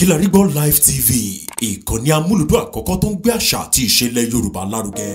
Kilarigbo Live TV ìkànnì amúlùdún àkọ́kọ́ tó ń gbé àṣà àti ìṣẹ̀lẹ̀ Yorùbá lárugẹ.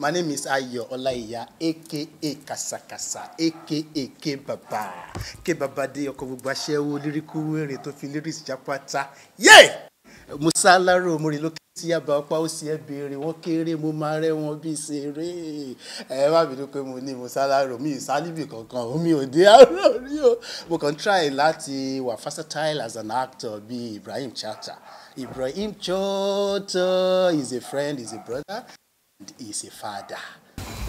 My name is Ayo Olaiya, aka Kasakasa, aka K Baba. K Baba dé ọkọ̀ gbogbo aṣẹ́wó líríkú wèrè tó fi lyrics jápátá. Yé! Musa Alaro Omori lókè tí yaba ọpá ó sì ẹ béèrè wọn kéré mo máa rẹ wọn bí ṣeré ẹ má bínú pé mo ní Musa Alaro mi ìsálíbì kankan omi ò dé àárọ̀ rí o mo kàn try láti wà versatile as an actor bíi Ibrahim Chata Ibrahim Chata is a friend is a brother is a father.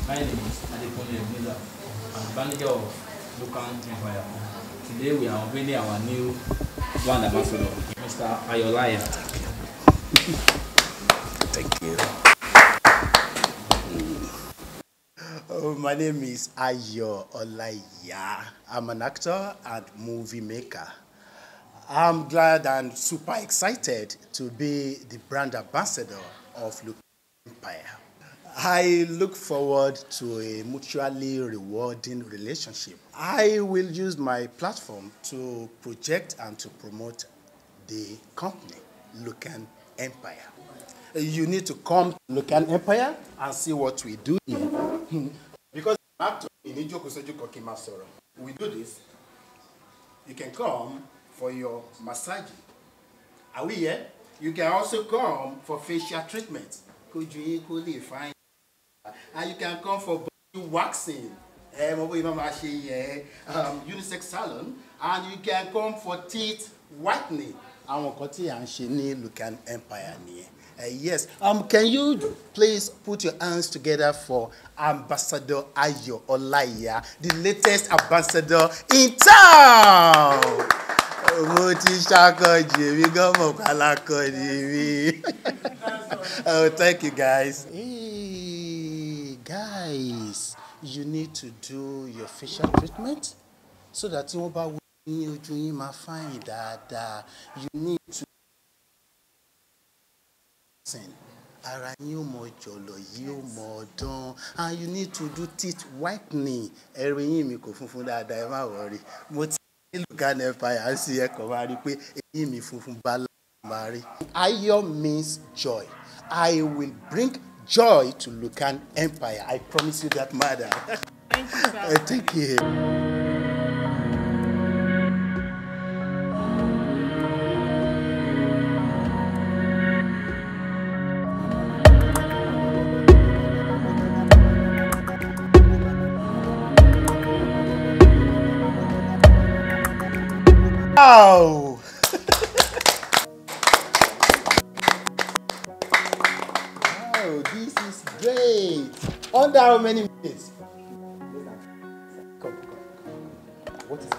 My name is Adekunle Emiza, I'm manager of Local Empire. Today we are unveiling our new brand ambassador, Mr. Ayolaya. Thank you. Thank you. Oh, my name is Ayo Olaya. I'm an actor and movie maker. I'm glad and super excited to be the brand ambassador of Local Empire. I look forward to a mutually rewarding relationship. I will use my platform to project and to promote the company, Lucan Empire. You need to come to Lucan Empire and see what we do here. because after we do this, you can come for your massage. Are we here? You can also come for facial treatment. Could you equally find and you can come for body waxing ẹ eh, mọ bóyá máa um, unisex salon and you can come for teeth whitening àwọn nǹkan tí à ń ṣe ní Lucan Empire nìyẹn. Uh, yes. Um, can you please put your hands together for Ambassador Ayo Olaiya, the latest ambassador in town? Mo ti ṣàkọjì mi, gọ́mọ̀ pálákọ̀ ni mi. Oh, thank you guys. Yeah is you need to do your facial treatment so that tí wọ́n bá wo ní ojú yín máa fine dáadáa you need to ara yín ò mọ jọ̀lọ̀ yìí ò mọ ọ̀dán and you need to do teeth whitening ẹ̀rọ eyín mi kò funfun dáadáa ẹ má wọrí mo ti nílùú kan empire á sì ẹ̀kọ́ máa rí pé eyín mi funfun bá láàmú máa rí. ayọ̀ means joy I will bring joy to Lucan Empire. I promise you that, mother. Thank you, sir. Uh, thank you. Wow! under how many minutes? What is it?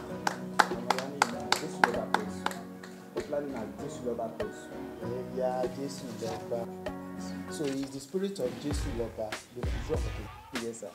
So it's the spirit of Jesus Lover. Yes, sir.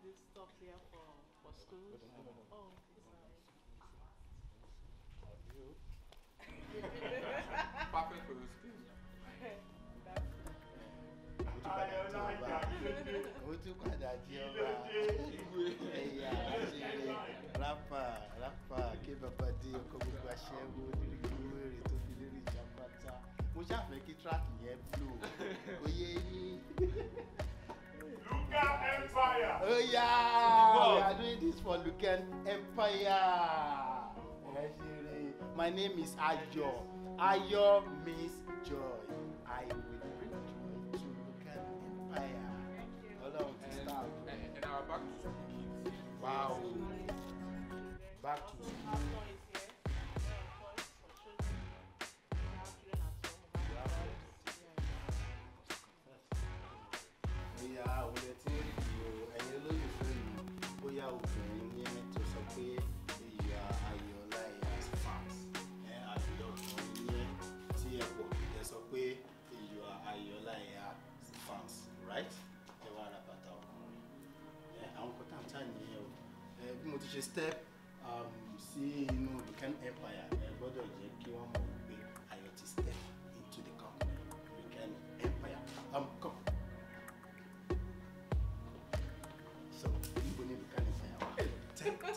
have this stuff here for, for school. Oh, okay, Perfect for the school. o tún padà jí ọba ẹyà àṣírí rápà rápà ké bàbá dé ọkọ gbogbo aṣẹ́wó onírúurú èrè tó fi lérí ìjàpátá mo ṣàfẹ́ kí tíráàkì yẹn blò ó yé yín. Luka Empire. Oh yeah, we are doing this for Luka Empire. My name is Ayo. Ayo means joy. I will bring joy to Luka Empire. Thank you. Hello, and, and, and our back to school Wow. Back to school. step um, sí inú Became Empire ẹ gbọ́dọ̀ jẹ́ kí wọ́n mọ̀ wípé ayọ̀ ti step into the company Became Empire um, come. so people need ni Became Empire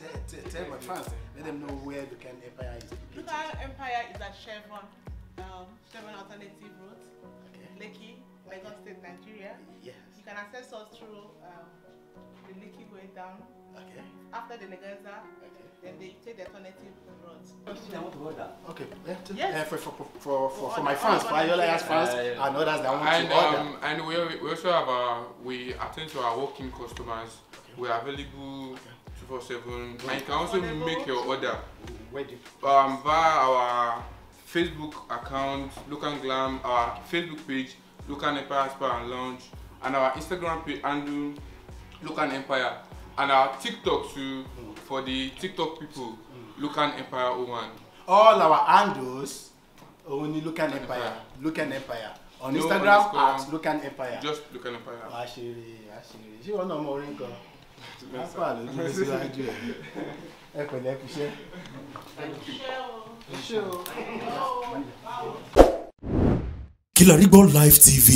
tell tell tell my fans let them know where the Became Empire is located. Became Empire is at Chevron um, Chevron Alternative Route, okay. Lekki Lagos State Nigeria yes. you can access us through um, the Lekki way down. Okay. After the Neganza, okay. then they take the alternative route. Okay, I want to order. Okay. Yes. for, for, for, for, my friends, for Ayola has friends, and others that want and, to order. Um, and we, we also have our, we attend to our working customers. We are available 24-7. And you can also make your order. Where do um, via our Facebook account, Look and Glam, our Facebook page, and Empire Spa and Lounge, and our Instagram page, Andrew, and Empire. and our TikTok too mm. for the TikTok people, mm. Lucan Empire 01. All our handles, only Lucan Empire, Empire. Lucan Empire. On no Instagram at Lucan Empire. Just Lucan Empire. Àṣírí, àṣírí. Ṣé wọ́n náà mọ orin kan? Lápá ló dúró síwájú ẹ̀. Ẹ pẹ̀lẹ́ ẹ fi ṣẹ́. Ẹ fi ṣẹ́ o. Ẹ Kilarigbo Live TV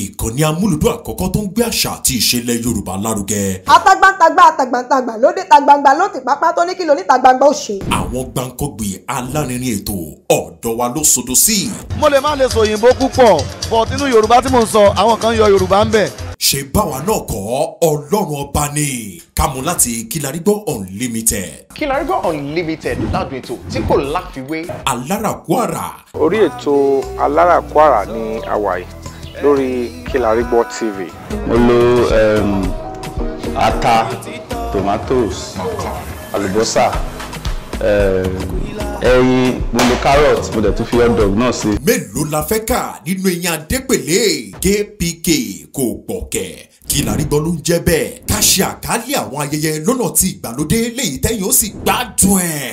ìkànnì amúlùdún àkọ́kọ́ tó ń gbé àṣà àti ìṣẹ̀lẹ̀ Yorùbá lárugẹ. atagbantagba atagbantagba lóde tagbangba ló ti pápá tó ní kí lóní tagbangba ó ṣe. àwọn gbàǹkọ̀gbìn alárinrin ètò ọ̀dọ́ wa ló sodo sí. mo lè má lè sọ òyìnbó púpọ̀ bọ̀ nínú Yorùbá tí mo ń sọ àwọn kan yọ Yorùbá ń bẹ̀ ṣe bá wa náà kọ́ ọlọ́run ọba ni kàmú láti kílarígbọ́ unlimited. kílarígbọ́ unlimited ládùn ètò tí kò láfiwé. aláràkúàrà. orí ètò aláràkúàrà ní àwàyè lórí kílarígbọ́ tv. mo lo um, ata tomatoes àlùbọ́sà. Um, ẹyin mo lo carrot mo dẹ̀ tún fi hot dog náà sí. mélòó la fẹ́ kà nínú eyín adépèlé kpk kò gbọ̀kẹ̀ kí la rí gbọ́ ló ń jẹ́ bẹ́ẹ̀ ká ṣe àkálẹ̀ àwọn ayẹyẹ lọ́nà tí ìgbàlódé léyìí tẹ́yìn ó sì gbádùn ẹ̀.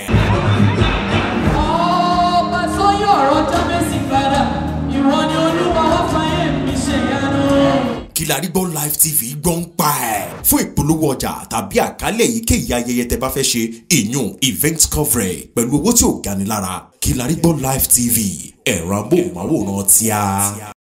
kí la rí gbọ́ live tv gbọ́ ń pa ẹ̀. fún ìpolówó ọjà tàbí àkálẹ̀ èyíkéyìí ayẹyẹ tẹ bá fẹ́ ṣe ìyún event coverage pẹ̀lú owó tí ò gani lára kí la rí gbọ́ live tv ẹ̀rọ amóhùnmáwòrán tíá.